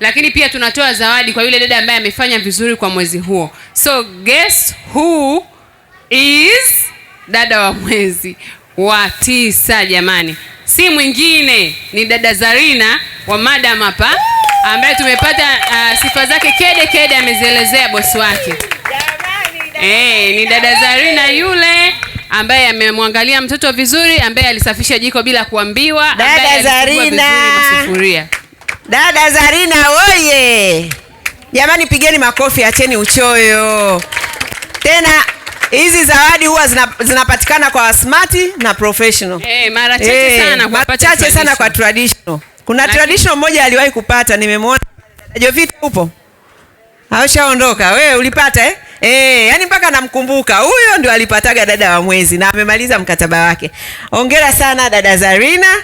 lakini pia tunatoa zawadi kwa yule dada ambaye amefanya vizuri kwa mwezi huo. So guess who is dada wa mwezi wa tisa jamani, si mwingine ni dada Zarina wa madam hapa, ambaye tumepata uh, sifa zake kede kede, amezielezea bosi wake hey, eh, ni dada Zarina yule ambaye amemwangalia mtoto vizuri, ambaye alisafisha jiko bila kuambiwa, ambaye alikuwa vizuri masufuria Dada Zarina oye! Jamani, pigeni makofi, acheni uchoyo. Tena hizi zawadi huwa zinapatikana zina kwa smart na professional. Eh, mara chache hey, eh, sana kwa mara chache sana kwa traditional. Kuna Lakin... traditional mmoja aliwahi kupata, nimemwona. Jovita upo? Haushaondoka. Wewe ulipata eh? Eh, yani mpaka namkumbuka. Huyo ndio alipataga dada wa mwezi na amemaliza mkataba wake. Hongera sana dada Zarina.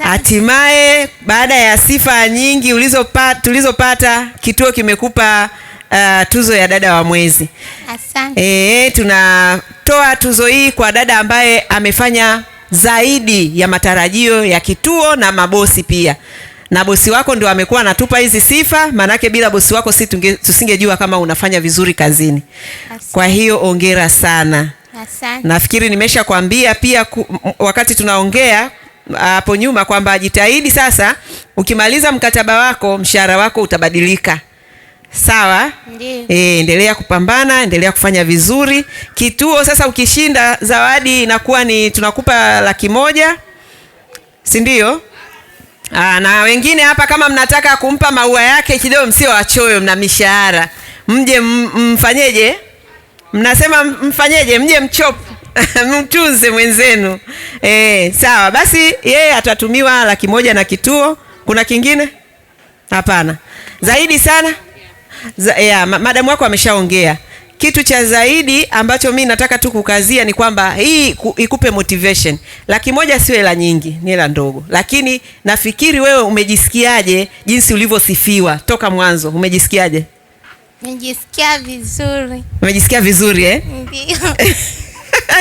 Hatimaye baada ya sifa nyingi ulizopata, tulizopata kituo kimekupa uh, tuzo ya dada wa mwezi. Asante. E, tunatoa tuzo hii kwa dada ambaye amefanya zaidi ya matarajio ya kituo na mabosi pia, na bosi wako ndio amekuwa anatupa hizi sifa, maanake bila bosi wako si tusingejua kama unafanya vizuri kazini. Asante. Kwa hiyo ongera sana. Asante. Nafikiri kuambia pia ku, wakati tunaongea hapo nyuma kwamba jitahidi sasa, ukimaliza mkataba wako mshahara wako utabadilika. Sawa, e, endelea kupambana, endelea kufanya vizuri. Kituo sasa ukishinda, zawadi inakuwa ni tunakupa laki moja, si ndio? na wengine hapa kama mnataka kumpa maua yake kidogo, msio wachoyo, mna mishahara, mje mfanyeje? Mnasema mfanyeje? Mje mchop mtunze mwenzenu e, sawa basi, yeye atatumiwa laki moja na kituo. Kuna kingine? Hapana, zaidi sana za, ya, madamu wako ameshaongea kitu cha zaidi ambacho mi nataka tu kukazia ni kwamba hii ku, ikupe motivation. Laki moja sio hela nyingi, ni hela ndogo, lakini nafikiri wewe umejisikiaje jinsi ulivyosifiwa toka mwanzo? Umejisikiaje? Umejisikia vizuri? Umejisikia vizuri eh? Ndio.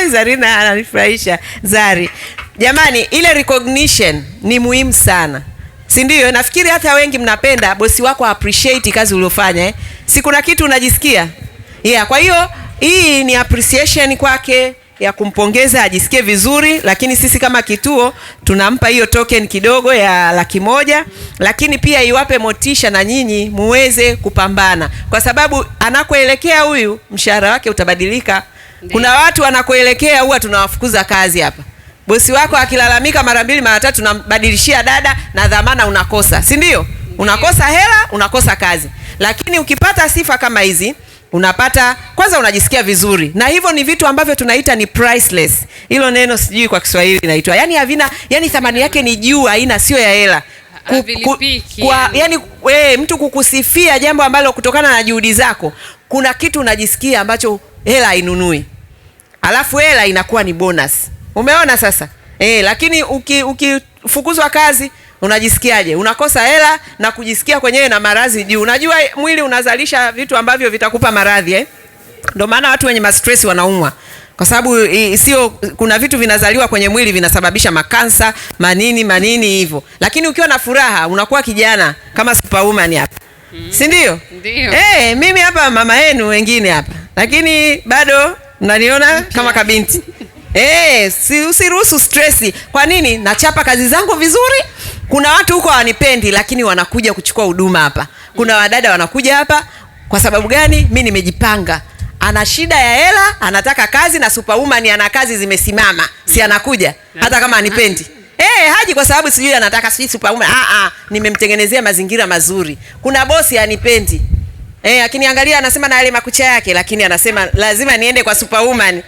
Zarina ananifurahisha Zari. Jamani, ile recognition ni muhimu sana, si ndio? Nafikiri hata wengi mnapenda bosi wako appreciate kazi uliofanya eh? si kuna kitu unajisikia yeah. Kwa hiyo hii ni appreciation kwake ya kumpongeza ajisikie vizuri, lakini sisi kama kituo tunampa hiyo token kidogo ya laki moja, lakini pia iwape motisha na nyinyi muweze kupambana, kwa sababu anakoelekea huyu mshahara wake utabadilika. Kuna watu wanakuelekea huwa tunawafukuza kazi hapa. Bosi wako akilalamika mara mbili mara tatu, tunambadilishia dada na dhamana unakosa, si ndio? Unakosa hela, unakosa kazi. Lakini ukipata sifa kama hizi unapata kwanza, unajisikia vizuri, na hivyo ni vitu ambavyo tunaita ni priceless. Hilo neno sijui kwa Kiswahili linaitwa yani havina, yani thamani yake ni juu, haina, sio ya hela ku, ku, kwa, yani we, mtu kukusifia jambo ambalo kutokana na juhudi zako kuna kitu unajisikia ambacho hela hainunui, alafu hela inakuwa ni bonus. Umeona sasa e, Lakini ukifukuzwa uki kazi unajisikiaje? Unakosa hela na kujisikia kwenyewe na maradhi juu. Unajua eh, mwili unazalisha vitu ambavyo vitakupa maradhi eh? Ndio maana watu wenye mastress wanaumwa kwa sababu sio, kuna vitu vinazaliwa kwenye mwili vinasababisha makansa manini manini hivyo, lakini ukiwa na furaha unakuwa kijana kama superwoman hapa, mm-hmm. si ndio? mm -hmm. Ndio. Eh, hey, mimi hapa mama yenu wengine hapa lakini bado mnaniona kama kabinti eh, si usiruhusu stresi. Kwa nini? Nachapa kazi zangu vizuri. Kuna watu huko hawanipendi, lakini wanakuja kuchukua huduma hapa. Kuna wadada wanakuja hapa kwa sababu gani? Mi nimejipanga ana shida ya hela, anataka kazi na superwoman ana kazi zimesimama, si anakuja hata kama anipendi. Hey, eh, haji kwa sababu sijui anataka sijui superwoman. Ah ah, nimemtengenezea mazingira mazuri. Kuna bosi anipendi, Eh, lakini angalia anasema na yale makucha yake, lakini anasema lazima niende kwa Superwoman.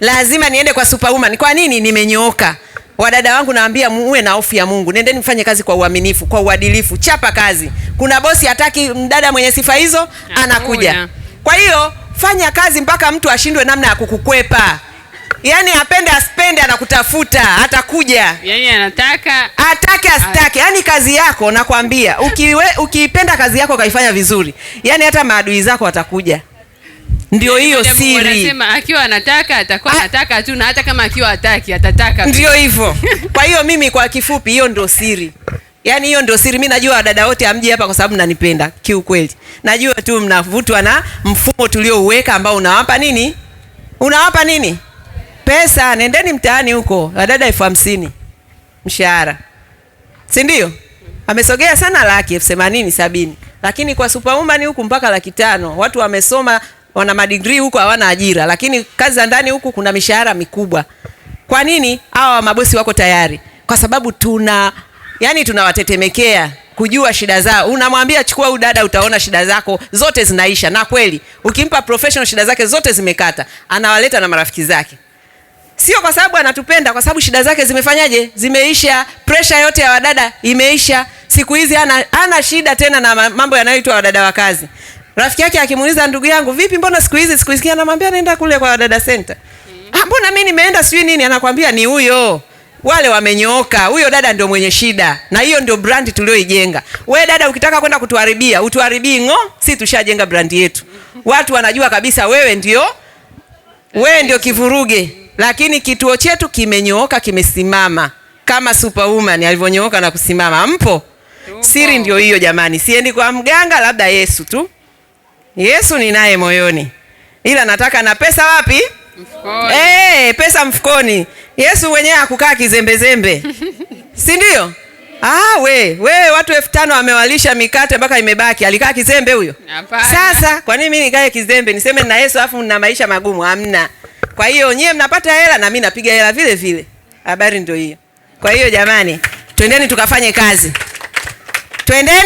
Lazima niende kwa Superwoman. Kwa nini? Nimenyooka. Wadada wangu naambia muwe na hofu ya Mungu. Nendeni mfanye kazi kwa uaminifu, kwa uadilifu, chapa kazi. Kuna bosi hataki mdada mwenye sifa hizo anakuja. Kwa hiyo fanya kazi mpaka mtu ashindwe namna ya kukukwepa yani apende aspende anakutafuta atakuja, yani anataka atake asitake, yani kazi yako nakwambia, ukiwe ukiipenda kazi yako kaifanya vizuri, yani hata maadui zako watakuja. Ndio yaani hiyo siri. Wanasema akiwa anataka atakuwa ah. anataka tu na hata kama akiwa hataki atataka. Ndio hivyo. Kwa hiyo mimi kwa kifupi hiyo ndio siri. Yaani hiyo ndio siri. mi najua wadada wote amji hapa kwa sababu mnanipenda kiukweli. Najua tu mnavutwa na mfumo tuliouweka ambao unawapa nini? Unawapa nini? pesa, nendeni mtaani huko, wadada elfu hamsini mshahara, si ndio? Amesogea sana laki, elfu themanini sabini, lakini kwa superwoman huku mpaka laki tano. Watu wamesoma wana madigrii huko hawana ajira, lakini kazi za ndani huku kuna mishahara mikubwa. Kwa nini hawa mabosi wako tayari? Kwa sababu tuna yani, tunawatetemekea kujua shida zao. Unamwambia chukua huyu dada, utaona shida zako zote zinaisha. Na kweli ukimpa professional, shida zake zote zimekata. Anawaleta na marafiki zake. Sio kwa sababu anatupenda, kwa sababu shida zake zimefanyaje? Zimeisha. Presha yote ya wadada imeisha. Siku hizi ana, ana shida tena na mambo yanayoitwa wadada wa kazi. Rafiki yake akimuuliza, ndugu yangu, vipi, mbona siku hizi sikuisikia? Anamwambia naenda kule kwa wadada center. Mm-hmm. Ah, mbona mimi nimeenda sijui nini? Anakwambia ni huyo wale wamenyooka, huyo dada ndio mwenye shida, na hiyo ndio brand tulioijenga. We dada, ukitaka kwenda kutuharibia utuharibii ng'o, si tushajenga brand yetu. Mm-hmm. Watu wanajua kabisa wewe ndio, wewe ndio kivuruge lakini kituo chetu kimenyooka, kimesimama kama superwoman alivyonyooka na kusimama. Mpo? Siri ndio hiyo jamani, siendi kwa mganga, labda Yesu tu. Yesu ninaye moyoni, ila nataka na pesa wapi? Mfukoni. Hey, eh, pesa mfukoni. Yesu mwenyewe hakukaa kizembezembe si ndio? Ah, we we, watu elfu tano amewalisha mikate mpaka imebaki, alikaa kizembe huyo? Sasa kwa nini mimi nikae kizembe niseme na Yesu afu na maisha magumu? Hamna. Kwa hiyo nyewe mnapata hela na mimi napiga hela vile vile. Habari ndio hiyo. Kwa hiyo jamani, twendeni tukafanye kazi, twendeni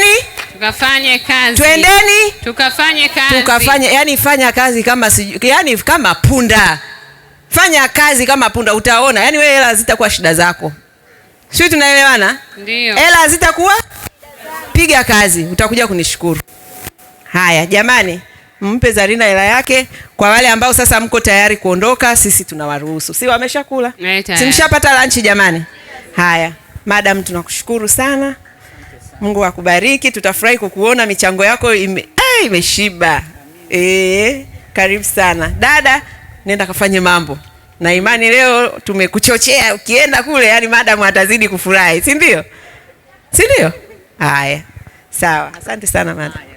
tukafanye kazi, twendeni tukafanye kazi, tukafanye yani, fanya kazi kama si, yani kama punda, fanya kazi kama punda, utaona yani wewe hela zitakuwa shida zako, sio? Tunaelewana? Ndio, hela zitakuwa, piga kazi, utakuja kunishukuru. Haya jamani mpe Zarina hela yake. Kwa wale ambao sasa mko tayari kuondoka, sisi tunawaruhusu, si wameshakula, eh, simshapata lanchi jamani. Haya, madam, tunakushukuru sana, Mungu akubariki, tutafurahi kukuona, michango yako ime, hey, eh, imeshiba e, karibu sana dada, nenda kafanye mambo na imani leo tumekuchochea, ukienda kule yani madam atazidi kufurahi, si ndio? Si ndio? Haya, sawa, asante sana madam.